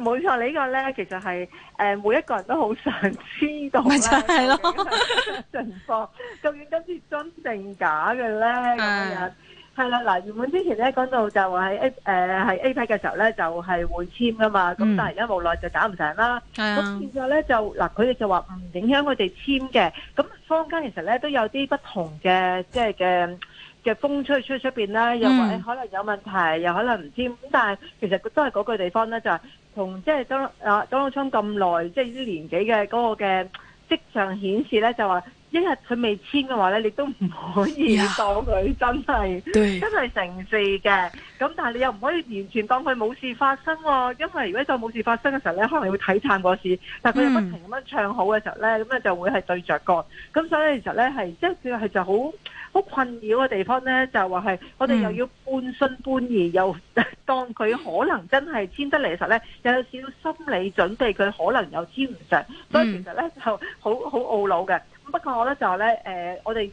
冇錯， 呢個呢個咧其實係誒、呃、每一個人都好想知道，咪就係咯 情況究竟今次真定假嘅咧咁樣，係啦嗱。原本之前咧講到就係 A 誒、呃、係 APEC 嘅時候咧就係、是、會簽噶嘛，咁、嗯、但係而家無奈就搞唔成啦。咁現在咧就嗱，佢、呃、哋就話唔影響佢哋簽嘅。咁坊間其實咧都有啲不同嘅即係嘅。就是嘅風吹出去出去邊啦，又話，欸、可能有問題，又可能唔簽咁，嗯、但係其實都係嗰句地方咧，就係同即係當老啊當老沖咁耐，即係呢、就是、年紀嘅嗰個嘅跡象顯示咧，就話一日佢未簽嘅話咧，你都唔可以當佢真係 Yeah, 真係對 成事嘅。咁但係你又唔可以完全當佢冇事發生喎，哦，因為如果再冇事發生嘅時候咧，可能會睇探過事，但佢佢不停咁樣唱好嘅時候咧，咁咧、嗯、就會係對着角咁所以其實咧係即係係就好、是。就是就是好困擾嘅地方呢，就話係我哋又要半信半疑，嗯、又當佢可能真係簽得嚟嘅時候呢，有少少心理準備佢可能又簽唔上，嗯、所以其實呢，就好好懊惱嘅。咁不過我呢就呢誒、呃，我哋。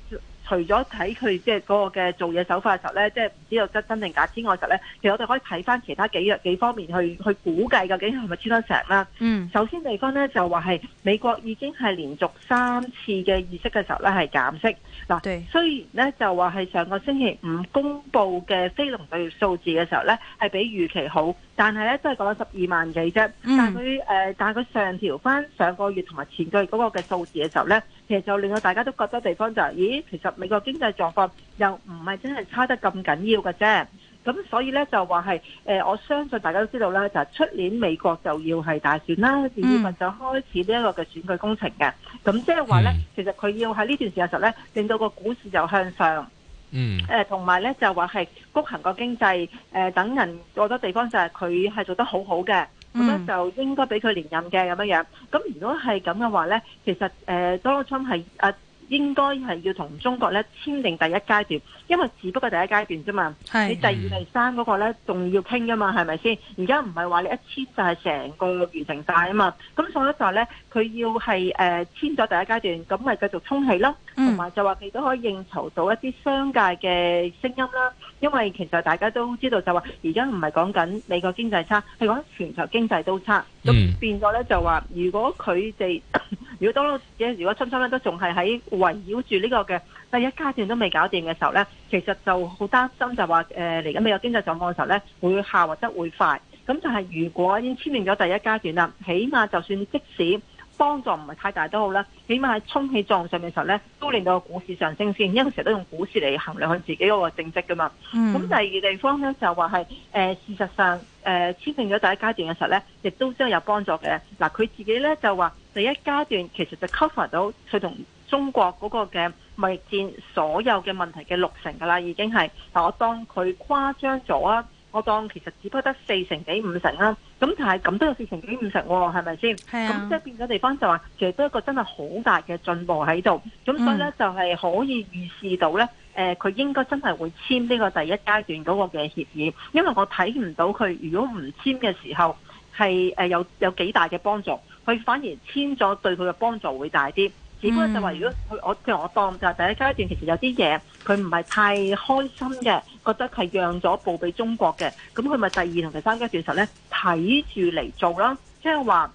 除咗睇佢即係嗰個嘅做嘢手法嘅時候咧，即係唔知道真真定假之外嘅時候咧，其實我哋可以睇翻其他幾樣幾方面去去估計究竟係咪超得成啦。嗯，首先地方咧就話係美國已經係連續三次嘅議息嘅時候咧係減息。嗱對，雖然咧就話係上個星期五公佈嘅非農對數字嘅時候咧係比預期好，但係咧都係講咗十二萬幾啫、嗯呃。但佢但係佢上調翻上，上個月同埋前個月嗰個嘅數字嘅時候咧。其實就令到大家都覺得地方就是，咦，其實美國經濟狀況又唔係真係差得咁緊要嘅啫。咁所以呢，就話係，誒、呃，我相信大家都知道啦，就係出年美國就要係大選啦，二月份就開始呢一個嘅選舉工程嘅。咁即係話呢，嗯、其實佢要喺呢段時間時候呢，令到個股市就向上。嗯。同埋、呃、呢就話係谷行個經濟，誒、呃，等人好多地方就係佢係做得好好嘅。咁咧、嗯、就應該俾佢連任嘅咁樣樣。咁如果係咁嘅話咧，其實誒 Donald Trump 係應該係要同中國咧簽訂第一階段，因為只不過第一階段啫嘛。是你第二、嗯、第三嗰個咧，仲要傾噶嘛，係咪先？而家唔係話你一簽就係成個完成晒啊嘛。咁所以就話咧，佢要係誒、呃、簽咗第一階段，咁咪繼續充起咯。同埋、嗯、就話佢都可以應酬到一啲商界嘅聲音啦。因為其實大家都知道就話，而家唔係講緊美國經濟差，係講緊全球經濟都差。咁變咗咧就話，如果佢哋。嗯 如果多到如果春春咧都仲係喺圍繞住呢個嘅第一階段都未搞掂嘅時候咧，其實就好擔心就話誒嚟緊未有經濟狀況嘅時候咧，會下滑得會快。咁但係如果已經簽訂咗第一階段啦，起碼就算即使幫助唔係太大都好啦，起碼喺衝起撞上面嘅時候咧，都令到股市上升先，因為成日都用股市嚟衡量佢自己嗰個政績噶嘛。咁、嗯、第二地方咧就話係誒事實上。誒簽訂咗第一階段嘅時候咧，亦都真係有幫助嘅。嗱、啊，佢自己咧就話第一階段其實就 cover 到佢同中國嗰個嘅貿易戰所有嘅問題嘅六成㗎啦，已經係嗱，但我當佢誇張咗啊，我當其實只不過得四成幾五成啦。咁但係咁都有四成幾五成喎，係咪先？咁即係變咗地方就話，其實都係一個真係好大嘅進步喺度。咁所以咧、嗯、就係可以預示到咧。誒，佢、呃、應該真係會簽呢個第一階段嗰個嘅協議，因為我睇唔到佢如果唔簽嘅時候係有有幾大嘅幫助，佢反而簽咗對佢嘅幫助會大啲。只不過就話，如果佢我譬如我當就第一階段，其實有啲嘢佢唔係太開心嘅，覺得係讓咗步俾中國嘅，咁佢咪第二同第三階段時候咧睇住嚟做囉。即係話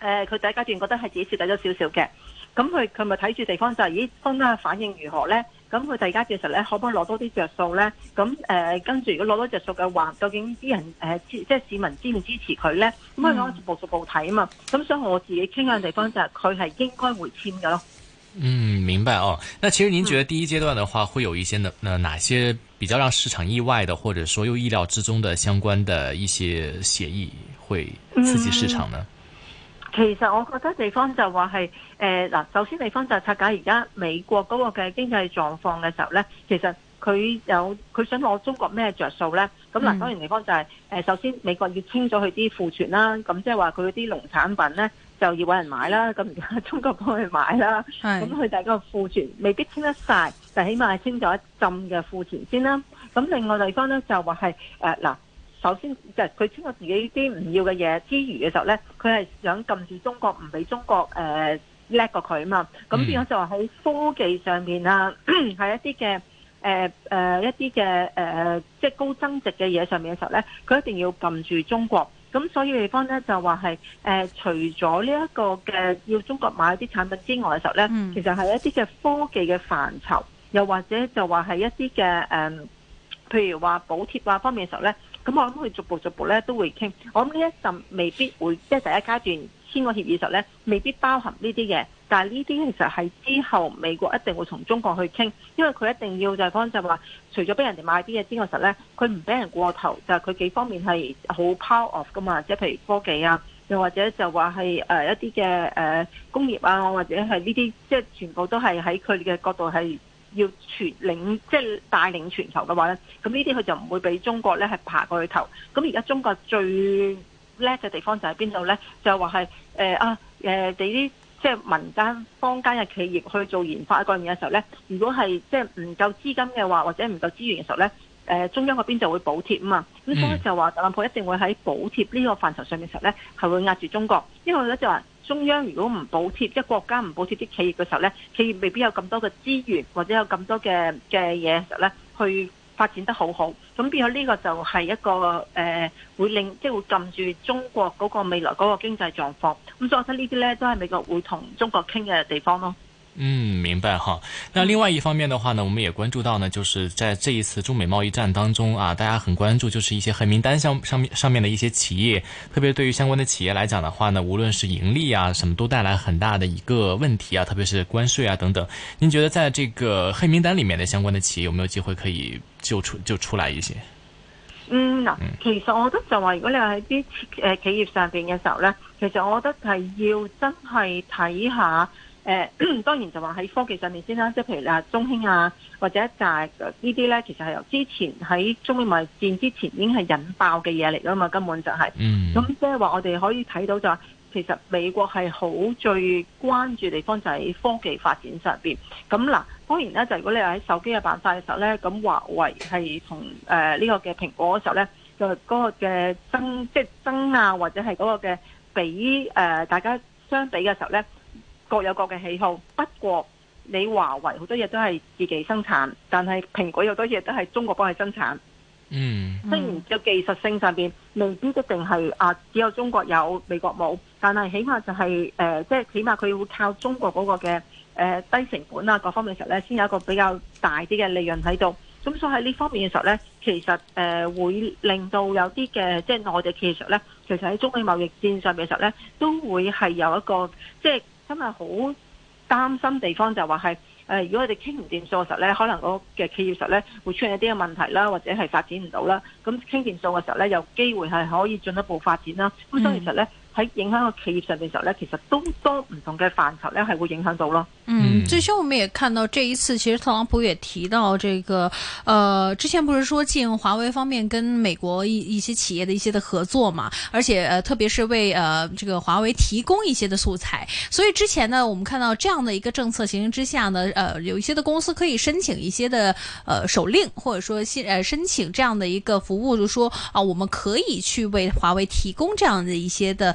誒，佢第一階段覺得係自己蝕底咗少少嘅，咁佢佢咪睇住地方就係、是、咦，今日反應如何咧？咁佢大家其實咧，可唔可以攞多啲着數咧？咁誒，跟住如果攞多着數嘅話，究竟啲人誒即係市民支唔支持佢咧？咁可以我逐步逐步睇啊嘛。咁所以我自己傾嘅地方就係佢係應該會簽嘅咯。嗯，明白哦。那其實您覺得第一階段嘅話，會有一些呢，哪哪些比較讓市場意外嘅，或者說又意料之中的相關嘅一些協議，會刺激市場呢？嗯其實我覺得地方就話係誒嗱，首先地方就係拆解而家美國嗰個嘅經濟狀況嘅時候咧，其實佢有佢想攞中國咩着數咧？咁嗱、嗯，當然地方就係、是、首先美國要清咗佢啲庫存啦，咁即係話佢啲農產品咧就要揾人買啦，咁而家中國幫佢買啦，咁佢第一個庫存未必清得晒，就起碼係清咗一浸嘅庫存先啦。咁另外地方咧就話係誒嗱。呃首先就係佢清楚自己啲唔要嘅嘢之餘嘅時候咧，佢係想禁住中國，唔俾中國誒叻過佢啊嘛。咁變咗就係喺科技上面啊，喺一啲嘅誒誒一啲嘅誒即係高增值嘅嘢上面嘅時候咧，佢一定要禁住中國。咁所以地方咧就話係誒，除咗呢一個嘅要中國買一啲產品之外嘅時候咧，嗯、其實係一啲嘅科技嘅範疇，又或者就話係一啲嘅誒，譬如話補貼啊方面嘅時候咧。咁我諗佢逐步逐步咧都會傾，我諗呢一陣未必會即係第一階段簽個協議時候咧，未必包含呢啲嘅，但係呢啲其實係之後美國一定會同中國去傾，因為佢一定要就係講就係話，除咗俾人哋買啲嘢之外，實咧佢唔俾人過頭，就係、是、佢幾方面係好 power of 㗎噶嘛，即係譬如科技啊，又或者就話係一啲嘅誒工業啊，或者係呢啲即係全部都係喺佢哋嘅角度係。要全領即係、就是、帶領全球嘅話咧，咁呢啲佢就唔會俾中國咧係爬過去頭。咁而家中國最叻嘅地方就係邊度咧？就話係誒啊誒哋啲即係民間坊間嘅企業去做研發一樣嘢嘅時候咧，如果係即係唔夠資金嘅話，或者唔夠資源嘅時候咧。誒中央嗰邊就會補貼啊嘛，咁所以就話特朗普一定會喺補貼呢個範疇上面嘅時候咧，係會壓住中國。因為咧就話中央如果唔補貼，即係國家唔補貼啲企業嘅時候咧，企業未必有咁多嘅資源或者有咁多嘅嘅嘢時候咧，去發展得好好。咁變咗呢個就係一個誒、呃、會令即係會撳住中國嗰個未來嗰個經濟狀況。咁所以我覺得呢啲咧都係美國會同中國傾嘅地方咯。嗯，明白哈。那另外一方面的話呢，我們也關注到呢，就是在這一次中美貿易戰當中啊，大家很關注，就是一些黑名單上上面上面的一些企業，特別對於相關的企業來講的話呢，無論是盈利啊什麼，都帶來很大的一個問題啊，特別是關稅啊等等。您覺得在這個黑名單裏面的相關的企業有沒有機會可以就出就出來一些？嗯，嗱，其實我覺得就話，如果你話喺啲誒企業上邊嘅時候呢，其實我覺得係要真係睇下。誒 當然就話喺科技上面先啦，即係譬如啊中興啊或者大呢啲咧，其實係由之前喺中美貿易戰之前已經係引爆嘅嘢嚟㗎嘛，根本就係、是。嗯。咁即係話我哋可以睇到就係、是、其實美國係好最關注地方就係科技發展上邊。咁嗱，當然咧就如果你話喺手機嘅辦法嘅時候咧，咁華為係同誒呢個嘅蘋果嘅時候咧就嗰個嘅爭即係爭啊，或者係嗰個嘅比誒、呃、大家相比嘅時候咧。各有各嘅喜好，不過你華為好多嘢都係自己生產，但係蘋果有好多嘢都係中國幫佢生產。嗯，雖然嘅技術性上面未必一定係啊，只有中國有，美國冇，但係起碼就係、是、誒、呃，即係起碼佢會靠中國嗰個嘅、呃、低成本啊各方面嘅時候咧，先有一個比較大啲嘅利潤喺度。咁所以喺呢方面嘅時候咧，其實誒、呃、會令到有啲嘅即係我哋技術咧，其實喺中美貿易戰上面嘅時候咧，都會係有一個即係。真係好擔心地方就話係，誒，如果我哋傾唔掂數嘅時候咧，可能個嘅企業實咧會出現一啲嘅問題啦，或者係發展唔到啦。咁傾掂數嘅時候咧，有機會係可以進一步發展啦。咁所以其實咧。嗯喺影響到企業上面時候呢，其實都多唔同嘅範疇呢係會影響到咯。嗯，最初我們也看到這一次，其實特朗普也提到這個，呃，之前不是說禁華為方面跟美國一一些企業的一些的合作嘛？而且，呃，特別是為呃這個華為提供一些的素材。所以之前呢，我們看到這樣的一個政策情形之下呢，呃，有一些的公司可以申請一些的，呃，手令，或者說申，呃，申請這樣的一個服務，就是、說啊、呃，我們可以去為華為提供這樣的一些的。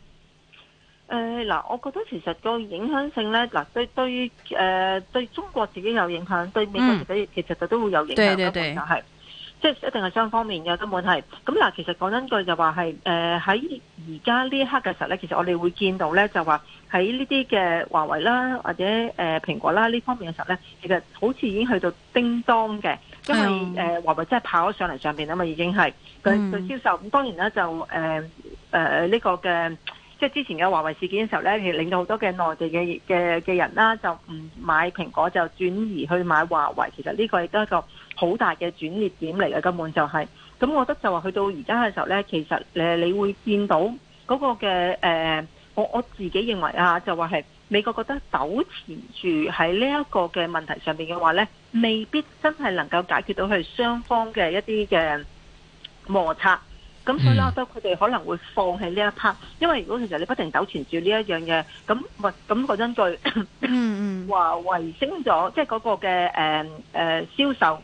誒嗱、呃，我覺得其實個影響性咧，嗱、呃、對對誒、呃、對中國自己有影響，嗯、對美國自己其實就都會有影響。根本就係，即係一定係雙方面嘅根本係。咁、嗯、嗱，其實講真句就話係誒喺而家呢一刻嘅時候咧，其實我哋會見到咧就話喺呢啲嘅華為啦或者誒蘋、呃、果啦呢方面嘅時候咧，其實好似已經去到叮當嘅，因為誒華、嗯呃、為真係跑咗上嚟上邊啊嘛，已經係佢佢銷售。咁、嗯、當然咧就誒誒誒呢個嘅。即係之前嘅華為事件嘅時候咧，而令到好多嘅內地嘅嘅嘅人啦、啊，就唔買蘋果，就轉移去買華為。其實呢個亦都係一個好大嘅轉捩點嚟嘅，根本就係、是。咁我覺得就話去到而家嘅時候咧，其實誒，你會見到嗰個嘅誒、呃，我我自己認為啊，就話係美國覺得糾纏住喺呢一個嘅問題上邊嘅話咧，未必真係能夠解決到佢雙方嘅一啲嘅摩擦。咁、嗯、所以咧，我覺得佢哋可能會放棄呢一 part，因為如果其實你不停糾纏住呢一樣嘢，咁唔咁嗰陣據，嗯嗯，華為升咗，即係嗰個嘅誒誒銷售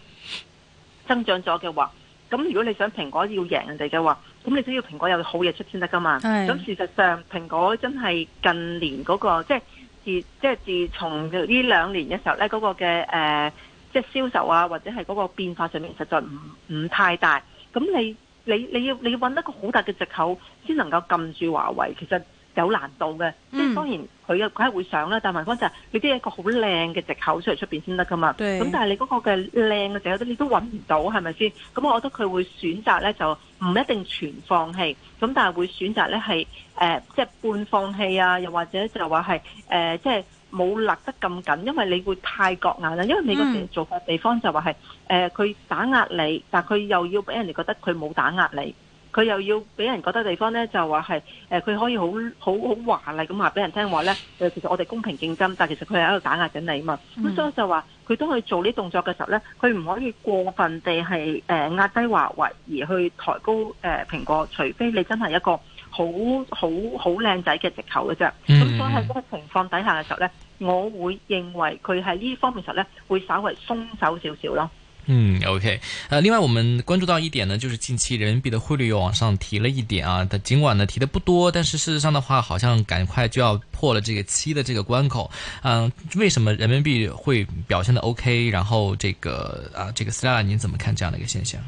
增長咗嘅話，咁如果你想蘋果要贏人哋嘅話，咁你都要蘋果有好嘢出先得噶嘛。咁是事實上蘋果真係近年嗰、那個即係自即係自從呢兩年嘅時候咧，嗰、那個嘅誒即係銷售啊或者係嗰個變化上面實在唔唔太大，咁你。你你要你要揾一個好大嘅藉口先能夠禁住華為，其實有難度嘅。即係、嗯、當然佢又梗係會想啦，但係問題就係你都要一個好靚嘅藉口出嚟出面先得㗎嘛。咁對但係你嗰個嘅靚嘅藉口，你都揾唔到係咪先？咁我覺得佢會選擇咧，就唔一定全放棄，咁但係會選擇咧係誒，即係、呃就是、半放棄啊，又或者就話係誒，即、呃、係。就是冇勒得咁緊，因為你會太覺眼啦。因為你嗰時做法地方就話係，誒佢、嗯呃、打壓你，但係佢又要俾人哋覺得佢冇打壓你，佢又要俾人覺得地方咧就話係，誒、呃、佢可以好好好華麗咁話俾人聽話咧，其實我哋公平競爭，但係其實佢係喺度打壓緊你啊嘛。咁、嗯、所以就話佢當佢做呢動作嘅時候咧，佢唔可以過分地係誒、呃、壓低華為而去抬高誒、呃、蘋果，除非你真係一個。好好好靚仔嘅，直頭嘅啫，咁、嗯、所以喺呢個情況底下嘅時候呢，我會認為佢喺呢方面上呢會稍微鬆手少少咯。嗯，OK，、呃、另外我們關注到一點呢，就是近期人民幣嘅匯率又往上提了一點啊，但儘管呢提得不多，但是事實上的話，好像趕快就要破了這個七的這個關口。嗯、呃，為什麼人民幣會表現得 OK，然後這個啊、呃，這個 Sarah 你怎麼看這樣的一個現象？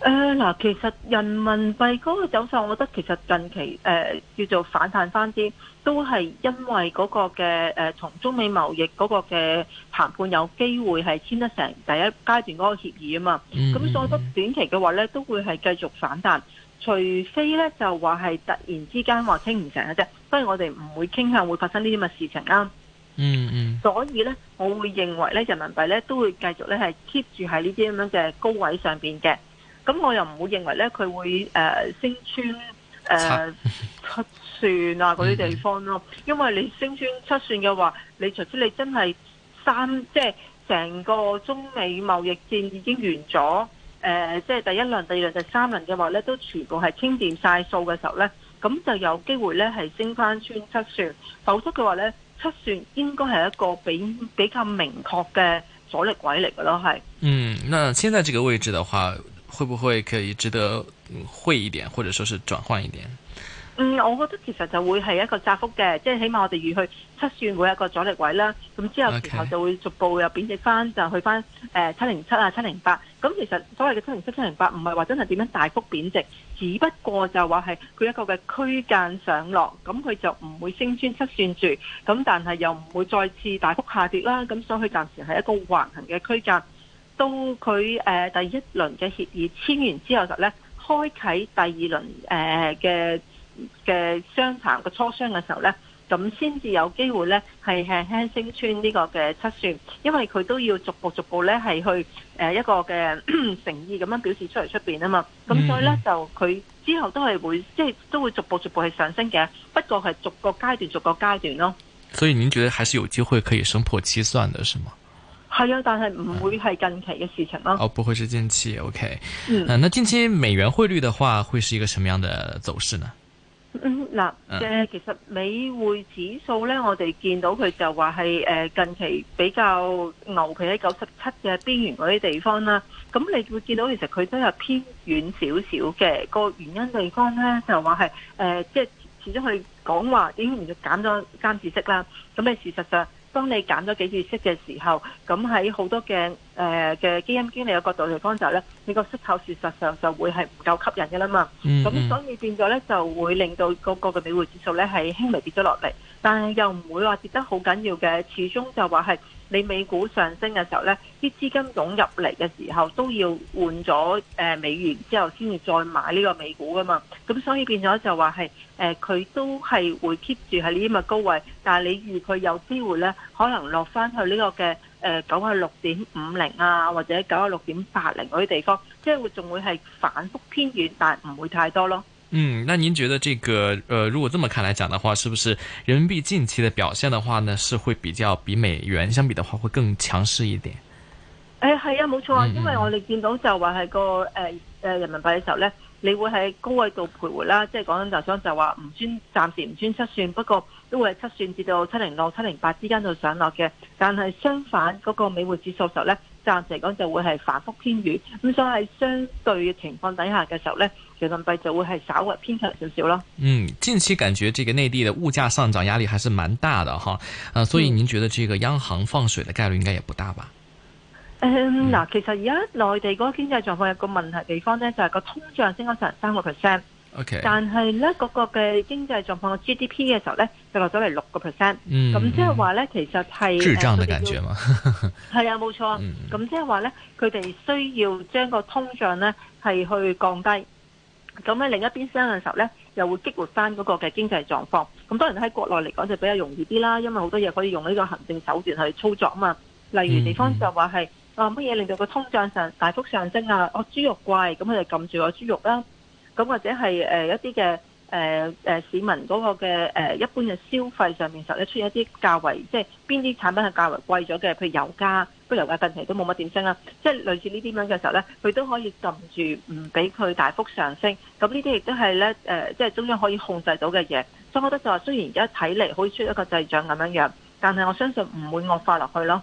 誒，嗱、呃，其實人民幣嗰個走勢，我覺得其實近期誒、呃，叫做反彈翻啲，都係因為嗰個嘅誒，從、呃、中美貿易嗰個嘅談判有機會係簽得成第一階段嗰個協議啊嘛。咁所以得短期嘅話咧，都會係繼續反彈，除非咧就話係突然之間話傾唔成嘅啫。所以我哋唔會傾向會發生呢啲咁嘅事情啦、啊。嗯嗯、mm。Hmm. 所以咧，我會認為咧，人民幣咧都會繼續咧係 keep 住喺呢啲咁樣嘅高位上邊嘅。咁我又唔會認為呢，佢會誒升穿誒七算啊，嗰啲地方咯。因為你升穿七算嘅話，你除非你真係三即係成個中美貿易戰已經完咗誒，即係第一輪、第二輪、第三輪嘅話呢，都全部係清掂晒數嘅時候呢，咁就有機會呢係升翻穿七算。否則嘅話呢，七算應該係一個比比較明確嘅阻力位嚟嘅咯，係。嗯，那現在這個位置嘅話。會唔會可以值得、嗯、會一點，或者說是轉換一點？嗯，我覺得其實就會係一個窄幅嘅，即係起碼我哋預去七算會有一個阻力位啦。咁之後時候就會逐步又貶值翻，就去翻誒七零七啊、七零八。咁其實所謂嘅七零七七零八，唔係話真係點樣大幅貶值，只不過就話係佢一個嘅區間上落，咁佢就唔會升穿七算住，咁但係又唔會再次大幅下跌啦。咁所以佢暫時係一個橫行嘅區間。到佢誒第一輪嘅協議簽完之後，就咧開啟第二輪誒嘅嘅商談嘅磋商嘅時候咧，咁先至有機會咧係係輕升穿呢個嘅七算，因為佢都要逐步逐步咧係去誒一個嘅誠意咁樣表示出嚟出邊啊嘛，咁、嗯嗯、所以咧就佢之後都係會即係都會逐步逐步係上升嘅，不過係逐個階段逐個階段咯。所以您覺得還是有機會可以升破七算的，是嗎？係啊，但係唔會係近期嘅事情咯、嗯。哦，不會是近期，OK。嗯、啊，那近期美元匯率嘅話，會是一個什麼樣的走勢呢？嗯，嗱，誒、嗯，其實美匯指數咧，我哋見到佢就話係誒近期比較牛皮喺九十七嘅邊緣嗰啲地方啦。咁你會見到，其實佢都有偏遠少少嘅個原因地方咧，就話係誒，即係始終佢講話已經減咗三次息啦。咁你事實上，當你減咗幾次息嘅時候，咁喺好多嘅誒嘅基金經理嘅角度地方就係咧，你個息口事實上就會係唔夠吸引嘅啦嘛。咁、嗯嗯、所以變咗咧就會令到那個個嘅美匯指數咧係輕微跌咗落嚟，但係又唔會話跌得好緊要嘅，始終就話係。你美股上升嘅時候呢，啲資金湧入嚟嘅時候都要換咗美元之後，先至再買呢個美股噶嘛。咁所以變咗就話係誒，佢、呃、都係會 keep 住喺呢啲嘅高位。但係你預佢有機會呢，可能落翻去呢個嘅誒九十六點五零啊，或者九十六點八零嗰啲地方，即係會仲會係反覆偏遠，但係唔會太多咯。嗯，那您覺得這個，呃，如果這麼看來講的話，是不是人民幣近期的表現的話呢，是會比較比美元相比的話會更強勢一點？誒、哎，係啊，冇錯啊，嗯、因為我哋見到就話係個誒誒、呃呃、人民幣嘅時候呢，你會喺高位度徘徊啦，即係講緊講就話唔專暫時唔專七算，不過都會係七算至到七零六、七零八之間度上落嘅，但係相反嗰個美匯指數嘅時候呢，暫時嚟講就會係反覆偏軟，咁所以喺相對嘅情況底下嘅時候咧，人民幣就會係稍微偏強少少咯。嗯，近期感覺這個內地嘅物價上漲壓力還是蠻大嘅哈，嗯、啊，所以您覺得這個央行放水嘅概率應該也不大吧？誒、嗯，嗱、嗯，其實而家內地嗰個經濟狀況有個問題地方咧，就係、是、個通脹升咗成三個 percent。O.K. 但係咧，嗰、那個嘅經濟狀況 G.D.P 嘅時候咧，就落咗嚟六個 percent。咁即係話咧，其實係滯脹的感覺嘛。係 啊，冇錯。咁即係話咧，佢哋需要將個通脹咧係去降低。咁喺另一邊升嘅時候咧，又會激活翻嗰個嘅經濟狀況。咁當然喺國內嚟講就比較容易啲啦，因為好多嘢可以用呢個行政手段去操作啊嘛。例如地方就話係、嗯、啊乜嘢令到個通脹上大幅上升啊？哦，豬肉貴，咁佢哋撳住個豬、哦、肉啦。咁或者係誒一啲嘅誒誒市民嗰個嘅誒、呃、一般嘅消費上面就咧出現一啲價位，即係邊啲產品係價位貴咗嘅，譬如油價，不過油價近期都冇乜點升啦、啊，即、就、係、是、類似呢啲咁樣嘅時候咧，佢都可以撳住唔俾佢大幅上升。咁呢啲亦都係咧誒，即、呃、係、就是、中央可以控制到嘅嘢，所以我覺得就話雖然而家睇嚟好似出一個滯脹咁樣樣，但係我相信唔會惡化落去咯。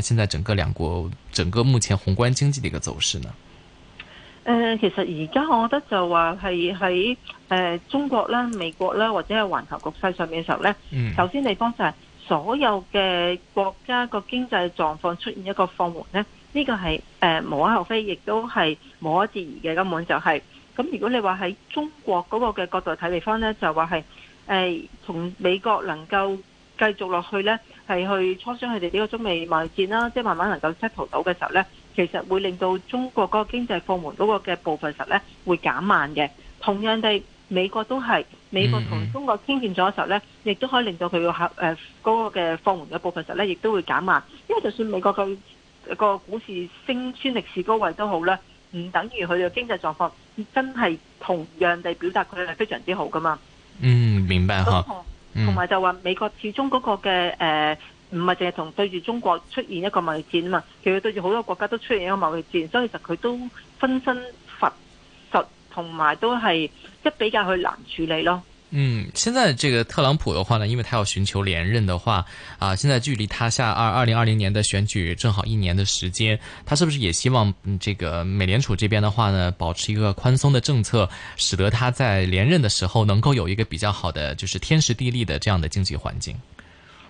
現在整個兩國整個目前宏觀經濟的一個走勢呢？誒、呃，其實而家我覺得就話係喺誒中國啦、美國啦或者係環球局勢上面嘅時候呢，嗯、首先地方就係所有嘅國家個經濟狀況出現一個放緩呢，呢、這個係誒、呃、無可厚非，亦都係無可置疑嘅根本就係、是。咁、嗯、如果你話喺中國嗰個嘅角度睇地方呢，就話係誒從美國能夠繼續落去呢。係去磋商佢哋呢個中美貿易戰啦，即係慢慢能夠 settle 到嘅時候呢，其實會令到中國嗰個經濟放緩嗰個嘅部分實呢會減慢嘅。同樣地美，美國都係美國同中國傾掂咗嘅時候呢，亦都可以令到佢個吓誒個嘅放緩嘅部分實呢亦都會減慢。因為就算美國佢個股市升穿歷史高位都好啦，唔等於佢嘅經濟狀況真係同樣地表達佢係非常之好噶嘛。嗯，明白。同埋、嗯、就話美國始終嗰個嘅誒，唔係淨係同對住中國出現一個貿易戰啊嘛，其實對住好多國家都出現一個貿易戰，所以其實佢都分身乏術，同埋都係即、就是、比較去難處理咯。嗯，現在這個特朗普的話呢，因為他要尋求連任的話，啊、呃，現在距離他下二二零二零年的選舉正好一年的時間，他是不是也希望、嗯、這個美聯儲這邊的話呢，保持一個寬鬆的政策，使得他在連任的時候能夠有一個比較好的就是天時地利的這樣的經濟環境。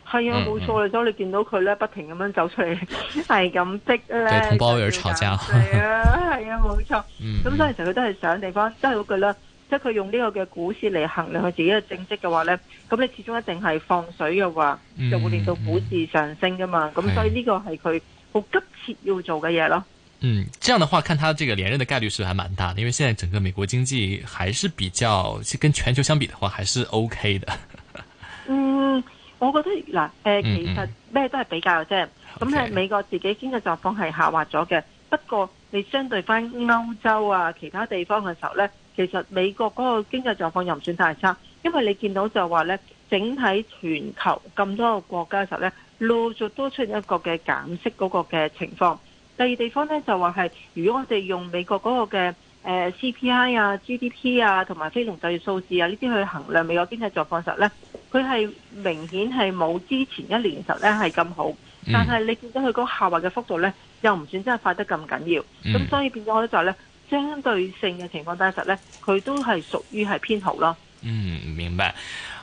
係啊，冇、嗯、錯，咗、嗯、你，你見到佢不停咁樣走出嚟，係咁逼咧，對同鮑威爾吵架，係啊呀，係啊， 冇錯，咁所以其實佢都係想地方，都係嗰句啦。即係佢用呢個嘅股市嚟衡量佢自己嘅政績嘅話咧，咁你始終一定係放水嘅話，嗯、就會令到股市上升㗎嘛。咁、嗯、所以呢個係佢好急切要做嘅嘢咯。嗯，這樣的話，看他這個連任的概率是還蠻大的，因為現在整個美國經濟還是比較，跟全球相比的話，還是 O、okay、K 的。 嗯，我覺得嗱，誒、呃，其實咩都係比較啫。咁咧、嗯，美國自己經濟的狀況係下滑咗嘅，Okay. 不過你相對返歐洲啊，其他地方嘅時候咧。其實美國嗰個經濟狀況又唔算太差，因為你見到就話呢，整體全球咁多個國家嘅時候呢，陸續都出現一個嘅減息嗰個嘅情況。第二地方呢，就話係，如果我哋用美國嗰、那個嘅誒、呃、CPI 啊、GDP 啊，同埋非農就業數字啊呢啲去衡量美國經濟狀況時候呢，佢係明顯係冇之前一年時呢係咁好。但係你見到佢個下滑嘅幅度呢，又唔算真係快得咁緊要。咁、嗯、所以變咗咧就呢。相對性嘅情況底下，實咧佢都係屬於係偏好咯。嗯，明白。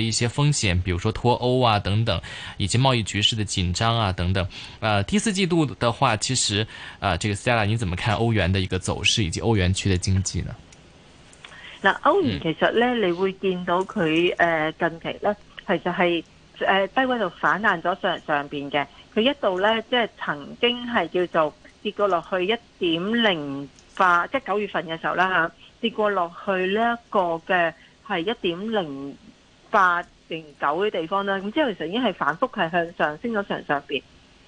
一些風險，比如說脫歐啊等等，以及貿易局勢的緊張啊等等。呃，第四季度的話，其實呃，這個 Sarah 你怎麼看歐元的一個走勢，以及歐元區的經濟呢？嗱，歐元其實呢，你會見到佢，誒、呃，近期呢，其實係誒，低位度反彈咗上上邊嘅。佢一度呢，即係曾經係叫做跌過落去一點零八，即係九月份嘅時候啦吓，跌過落去呢一個嘅係一點零。八成九嘅地方啦，咁之後其實已經係反覆係向上升咗上上邊，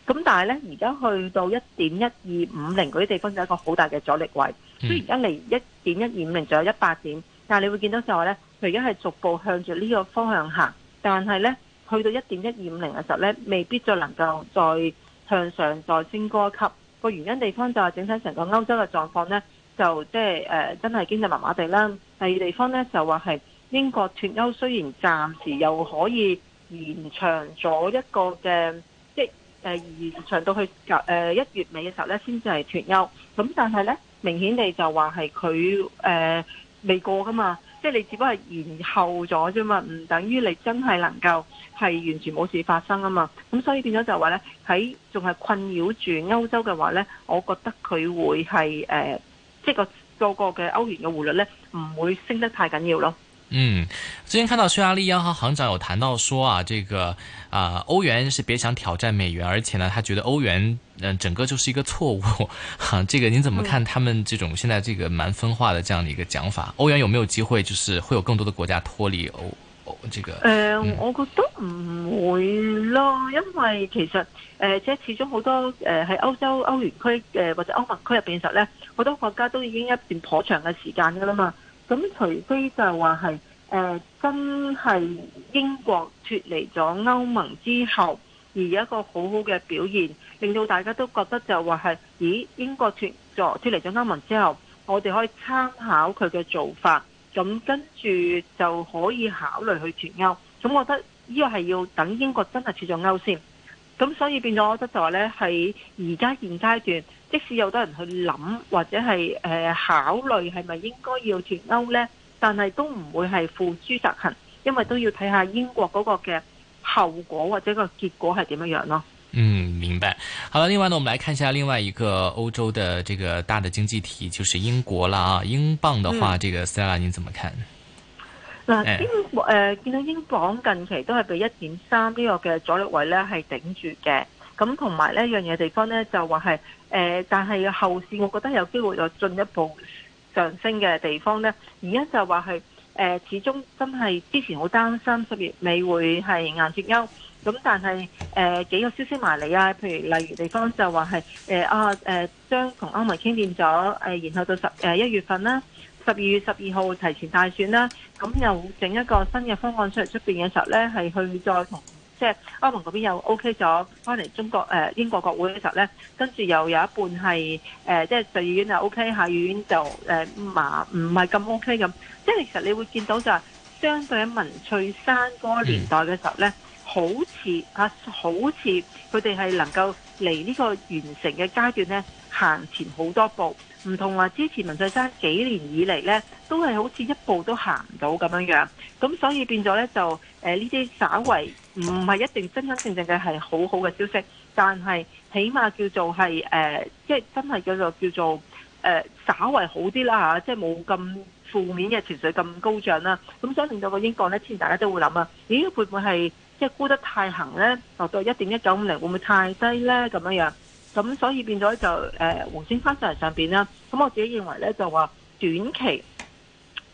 咁但係呢而家去到一點一二五零嗰啲地方就係一個好大嘅阻力位，嗯、所以而家嚟一點一二五零仲有一百點，但係你會見到就係呢，佢而家係逐步向住呢個方向行，但係呢去到一點一二五零嘅時候呢，未必再能夠再向上再升多一級。個原因地方就係整體成個歐洲嘅狀況呢，就即係誒真係經濟麻麻地啦。第二地方呢，就話係。英國脱歐雖然暫時又可以延長咗一個嘅，即係誒延長到去誒一月尾嘅時候咧，先至係脱歐。咁但係咧，明顯地就話係佢誒未過噶嘛，即係你只不過係延後咗啫嘛，唔等於你真係能夠係完全冇事發生啊嘛。咁所以變咗就話咧，喺仲係困擾住歐洲嘅話咧，我覺得佢會係誒即係個個個嘅歐元嘅匯率咧，唔會升得太緊要咯。嗯，最近看到匈牙利央行行、行長有談到說啊，這個啊歐、呃、元是別想挑戰美元，而且呢，他覺得歐元嗯、呃、整個就是一個錯誤。哈，這個您怎麼看他們這種現在這個蠻分化的這樣的一個講法？歐、嗯、元有沒有機會就是會有更多的國家脱離歐？這個、嗯、呃我覺得唔會咯，因為其實呃即係始終好多呃喺歐洲歐元區誒、呃、或者歐盟區入邊時候呢，好多國家都已經一段頗長嘅時間噶啦嘛。咁除非就係話係，呃，誒真係英國脱離咗歐盟之後，而有一個好好嘅表現，令到大家都覺得就話，係，咦英國脱咗脱離咗歐盟之後，我哋可以參考佢嘅做法，咁跟住就可以考慮去脱歐，咁我覺得呢個係要等英國真係脱咗歐先。咁所以變咗，我覺得就話咧，喺而家現階段，即使有得人去諗或者係誒、呃、考慮係咪應該要脫歐咧，但係都唔會係付諸實行，因為都要睇下英國嗰個嘅後果或者個結果係點樣樣咯。嗯，明白。好了，另外呢，我們來看一下另外一個歐洲的這個大的經濟體，就是英國啦。啊，英鎊的話，嗯、這個 Sarah，您怎麼看？嗱，英誒見到英鎊近期都係被一點三呢個嘅阻力位咧係頂住嘅，咁同埋呢一樣嘢地方咧就話係誒，但係後市我覺得有機會有進一步上升嘅地方咧，而家就話係誒，始終真係之前好擔心十月尾會係硬脫歐，咁但係誒、呃、幾個消息埋嚟啊，譬如例如地方就話係誒啊誒，將同歐盟傾掂咗誒，然後到十誒一月份啦。十二月十二號提前大選啦，咁又整一個新嘅方案出嚟，出邊嘅時候呢，係去再同即係歐盟嗰邊又 O K 咗，返嚟中國誒英國國會嘅時候呢，跟住又有一半係誒、呃就是 OK，呃 OK，即係上院就 O K，下院就誒唔係咁 O K 咁。即係其實你會見到就係、是、相對喺文翠珊嗰個年代嘅時候呢，好似嚇好似佢哋係能夠嚟呢個完成嘅階段呢，行前好多步。唔同話、啊、之前文翠珊幾年以嚟呢，都係好似一步都行唔到咁樣樣，咁所以變咗呢，就誒呢啲稍為唔係一定真真正正嘅係好好嘅消息，但係起碼叫做係誒、呃，即係真係叫做叫做誒、呃、稍為好啲啦、啊、即係冇咁負面嘅情緒咁高漲啦。咁所以令到個英鎊呢，之前大家都會諗啊，咦會唔會係即係沽得太行呢？落到一點一九五零會唔會太低呢？」咁樣樣。咁所以變咗就誒回升翻上嚟上邊啦。咁我自己認為咧就話短期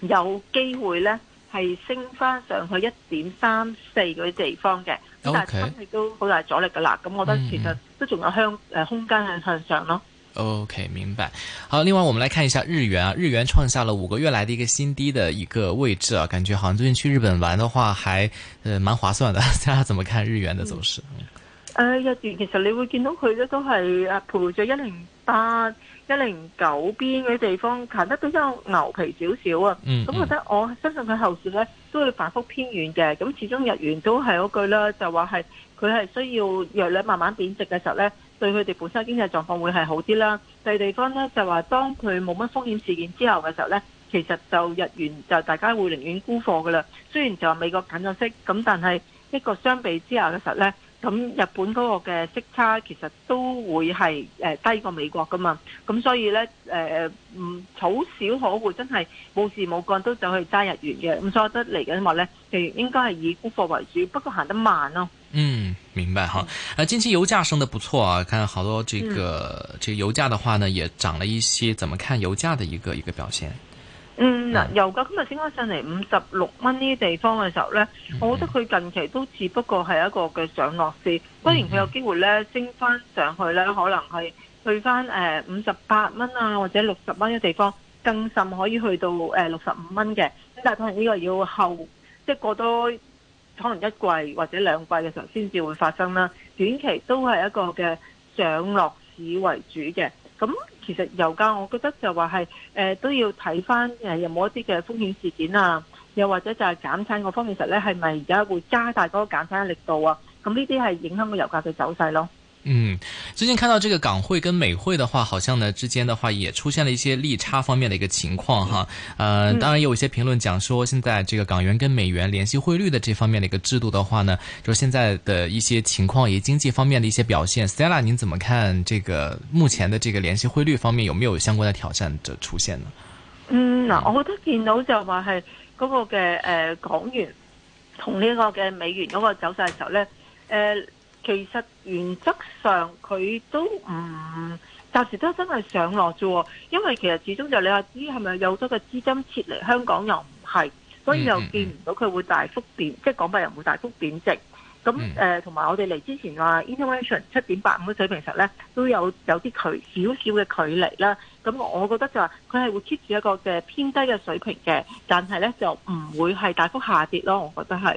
有機會咧係升翻上去一點三四嗰啲地方嘅，咁但係佢都好大阻力㗎喇。咁我覺得其實都仲有向誒、嗯嗯、空間向上咯。OK，明白。好，另外我們來看一下日元啊，日元創下了五個月來嘅一個新低嘅一個位置啊，感覺好像最近去日本玩的話，還誒蠻划算的。大家怎麼看日元嘅走勢？嗯誒日元其實你會見到佢咧都係誒徘徊咗一零八、一零九邊嘅地方，行得比較牛皮少少啊。咁、嗯嗯、覺得我相信佢後市咧都會反覆偏軟嘅。咁始終日元都係嗰句啦，就話係佢係需要弱咧慢慢貶值嘅時候咧，對佢哋本身經濟狀況會係好啲啦。第二地方咧就話當佢冇乜風險事件之後嘅時候咧，其實就日元就大家會寧願沽貨噶啦。雖然就話美國緊咗息，咁但係一個相比之下嘅時候咧。咁日本嗰個嘅息差其實都會係低過美國噶嘛，咁所以咧誒誒唔好少可會真係冇事冇幹都走去揸日元嘅，咁所以覺得嚟緊話咧，就應該係以沽貨為主，不過行得慢咯、哦。嗯，明白嚇。啊，近期油價升得不錯啊，看好多這個、嗯、這個油價的話呢，也漲了一些，怎麼看油價的一個一個表現？嗯，油價今日升翻上嚟五十六蚊呢啲地方嘅時候呢，我覺得佢近期都只不過係一個嘅上落市，雖然佢有機會呢升翻上去呢，可能係去翻誒五十八蚊啊，或者六十蚊嘅地方，更甚可以去到誒六十五蚊嘅。但係呢個要後即係過多可能一季或者兩季嘅時候先至會發生啦。短期都係一個嘅上落市為主嘅，咁、嗯。其實油價，我覺得就話係誒都要睇翻誒有冇一啲嘅風險事件啊，又或者就係減產嗰方面實呢，實咧係咪而家會加大嗰個減產嘅力度啊？咁呢啲係影響個油價嘅走勢咯。嗯，最近看到這個港匯跟美匯的話，好像呢之間的話也出現了一些利差方面的一個情況哈。嗯、呃，當然也有一些評論講說，現在這個港元跟美元聯繫匯率的這方面的一個制度的話呢，就現在的一些情況，以及經濟方面的一些表現，Stella 您怎麼看這個目前的這個聯繫匯率方面有沒有相關的挑戰者出現呢？嗯，嗱，我都見到就話係嗰個嘅誒、呃、港元同呢個嘅美元嗰個走勢嘅時候呢。誒、呃。其實原則上佢都唔暫時都真係上落啫，因為其實始終就你話知係咪有咗個資金撤離香港又唔係，所以又見唔到佢會大幅貶、嗯嗯、即係港幣又會大幅貶值。咁誒同埋我哋嚟之前話 intervention 七點八五嘅水平時咧都有有啲距少少嘅距離啦。咁我覺得就話佢係會 keep 住一個嘅偏低嘅水平嘅，但係咧就唔會係大幅下跌咯。我覺得係。